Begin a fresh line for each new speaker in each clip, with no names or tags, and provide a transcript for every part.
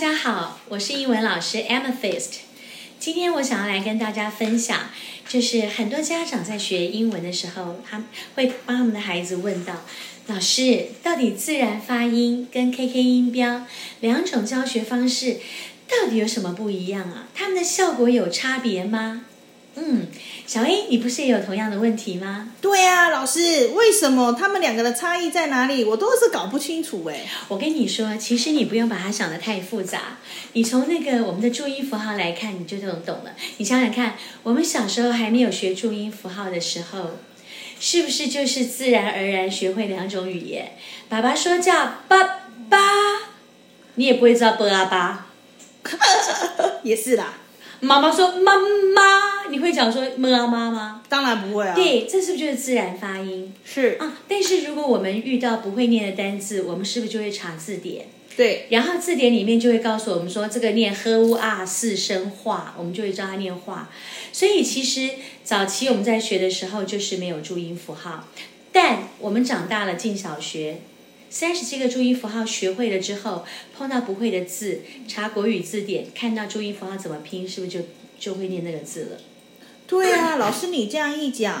大家好，我是英文老師 Amethyst。今天我想要來跟大家分享，就是很多家長在學英文的時候，他們會幫他們的孩子問到：老師，到底自然發音跟 KK 音標兩種教學方式，到底有什麼不一樣啊？他們的效果有差別嗎？嗯，小 A，你不是也有同樣的問題嗎？
對啊，老師，為什麼他們兩個的差異在哪裡？我都是搞不清楚哎、欸。我跟你說，其實你不用把它想得太複雜。
你從那個我們的注音符號來看，你就懂懂了。你想想看，我們小時候還沒有學注音符號的時候，是不是就是自然而然學會兩種語言？爸爸說叫爸爸，你也不會知道不阿爸，也是啦。媽媽說：“媽媽，你會講說媽媽嗎？”當然不會啊。對，這是不是就是自然發音？是。啊，但是如果我們遇到不會念的單字，我們是不是就會查字典？對。然後字典裡面就會告訴我們說，這個念 h u a 四聲化，我們就會教他念化。所以其實早期我們在學的時候就是沒有注音符號，但我們長大了進小學。三十幾個注音符號學會了之後，碰到不會的字，查國語字典，看到注音符號怎麼拼，是不是就就會念那個字了？
對啊，老師你這樣一講，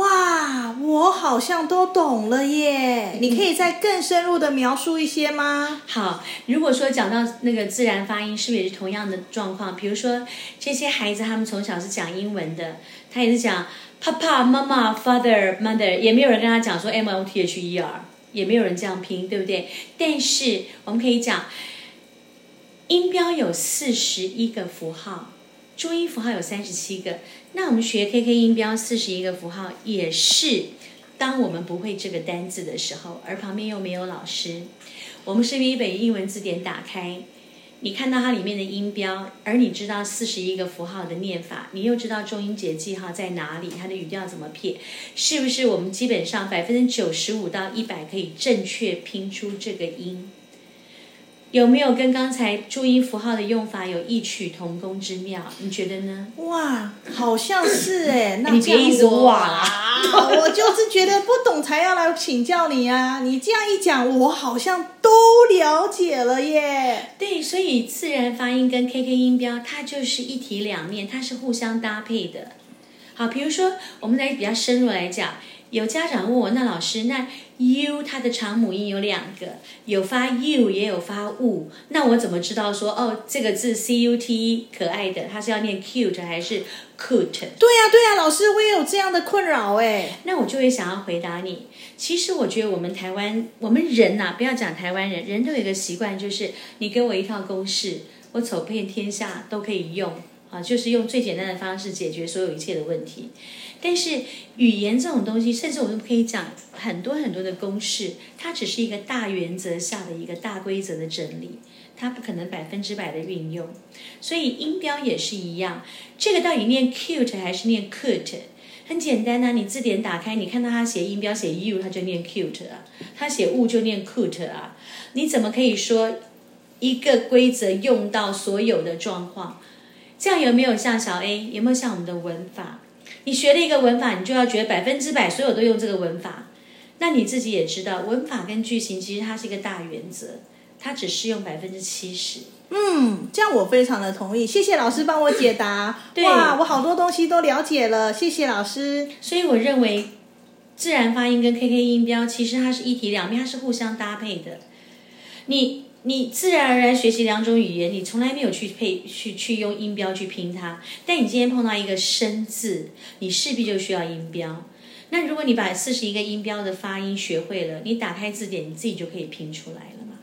哇，我好像都懂了耶！你可以再更深入的描述一些嗎？
好，如果說講到那個自然發音，是不是也是同樣的狀況？比如說這些孩子，他們從小是講英文的，他也是講 papa 爸爸、媽媽、father、mother，也沒有人跟他講說 m l t h e r。也沒有人這樣拼，對不對？但是我們可以講，音標有四十一個符號，注音符號有三十七個。那我們學 KK 音標四十一個符號，也是當我們不會這個單字的時候，而旁邊又沒有老師，我們是可以把英文字典打開。你看到它裡面的音標，而你知道四十一個符號的念法，你又知道重音節記號在哪裡，它的語調怎麼撇，是不是我們基本上百分之九十五到一百可以正確拼出這個音？有沒有跟剛才注音符號的用法有異曲同工之妙？你覺得呢？
哇，好像是耶 那你別一說 哇啦！ 我就是覺得不懂才要來請教你呀、啊。你這樣一講，我好像都了解了耶。對，所以自然
發音跟 KK 音標它就是一體兩面，它是互相搭配的。好，比如說我們來比較深入來講。有家長問我，那老師，那 u 它的長母音有兩個，有發 u 也有發 u，那我怎麼知道說哦，這個字 c u t 可愛的，它是要念 cute 還是 cut？對呀、啊、對呀、啊，老師我也有這樣的困擾哎。那我就會想要回答你，其實我覺得我們台灣，我們人吶、啊，不要講台灣人，人都有一個習慣，就是你給我一套公式，我走遍天下都可以用。啊，就是用最簡單的方式解決所有一切的問題。但是語言這種東西，甚至我們可以講很多很多的公式，它只是一個大原則下的一個大規則的整理，它不可能百分之百的運用。所以音標也是一樣，這個到底念 cute 還是念 cut？很簡單吶、啊，你字典打開，你看到它寫音標寫 u，它就念 cute 啊，它寫 u 就念 cut 啊。你怎麼可以說一個規則用到所有的狀況？這樣有沒有像小 A？有沒有像我們的文法？你學了一個文法，你就要覺得百分之百所有都用這個文法。那你自己也知道，文法跟句型其實它是一個大原則，它只適用百分之七十。
嗯，這樣我非常的同意。謝謝老師幫我解答。嗯對。哇，我好多東西都了解了，謝謝老師。所以我認為，自然發音跟 KK 音標其實它是一體兩
面，它是互相搭配的。你。你自然而然學習兩種語言，你從來沒有去配去去用音標去拼它。但你今天碰到一個生字，你勢必就需要音標。那如果你把四十一個音標的發音學會了，你打開字典，你自己就可以拼出來了嘛。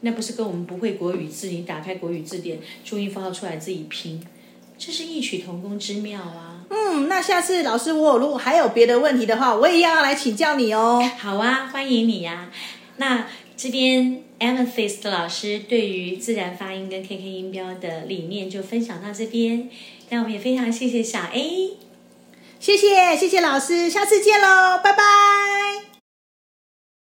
那不是跟我們不會國語字，你打開國語字典，注音符號出來自己拼，這是異曲同工之妙啊！
嗯，那下次老師我如果還有別的問題的話，我也要來請教你哦。好啊，歡迎你呀、
啊。那這邊。Amethyst 老師對於自然發音跟 KK 音標的理念就分享到這邊，那我們也非常謝謝小 A，
謝謝，謝謝老師，下次見嘍，拜拜。